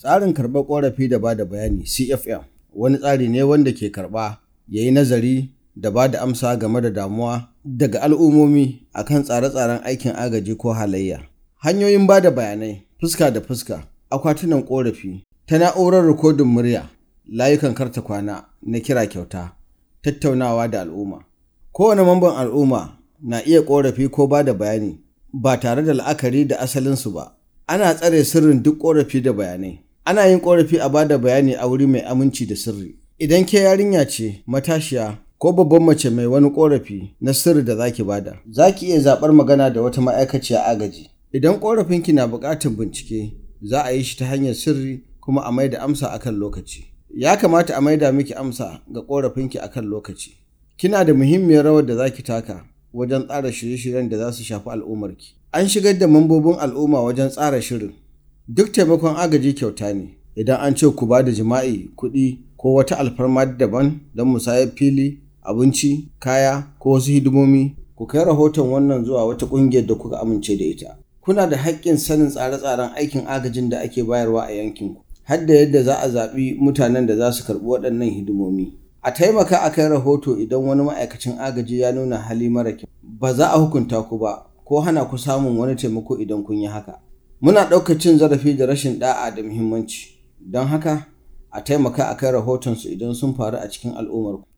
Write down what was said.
Tsarin karɓar ƙorafi da ba da bayani CFM wani tsari ne wanda ke karɓa ya yi nazari da ba da amsa game da damuwa daga al'ummomi a kan tsare-tsaren aikin agaji ko halayya. Hanyoyin ba da bayanai fuska da fuska, akwatunan ƙorafi, ta na'urar rikodin murya, layukan karta kwana na kira kyauta, tattaunawa da al'umma. Kowane mamban al'umma na iya ƙorafi ko ba da bayani ba tare da la'akari da asalinsu ba. Ana tsare sirrin duk ƙorafi da bayanai. ana yin ƙorafi a bada bayani a wuri mai aminci da sirri idan ke yarinya ce matashiya ko babban mace mai wani ƙorafi na sirri da zaki bada zaki iya zaɓar magana da wata ma'aikaciya agaji idan ƙorafinki na buƙatar bincike za a yi shi ta hanyar sirri kuma a maida amsa akan lokaci ya kamata a maida miki amsa ga ƙorafinki akan lokaci kina da muhimmiyar rawar da zaki taka wajen tsara shirye-shiryen da za su shafi al'ummarki an shigar da mambobin al'umma wajen tsara shirin Duk taimakon agaji kyauta ne, idan an ce ku ba da jima'i, kuɗi, ko wata alfarma daban don musayar fili, abinci, kaya, ko wasu hidimomi, ku kai rahoton wannan zuwa wata ƙungiyar da kuka amince da ita. Kuna da haƙƙin sanin tsare-tsaren aikin agajin da ake bayarwa a yankin ku har da yadda za a zaɓi mutanen da za su karɓi waɗannan hidimomi. A taimaka a kai rahoto idan wani ma'aikacin agaji ya nuna hali mara kyau. Ba za a hukunta ku ba ko hana ku samun wani taimako idan kun yi haka. Muna ɗaukar cin zarafi da rashin ɗa'a da muhimmanci, don haka a taimaka a kai rahotonsu idan sun faru a cikin al'ummarku.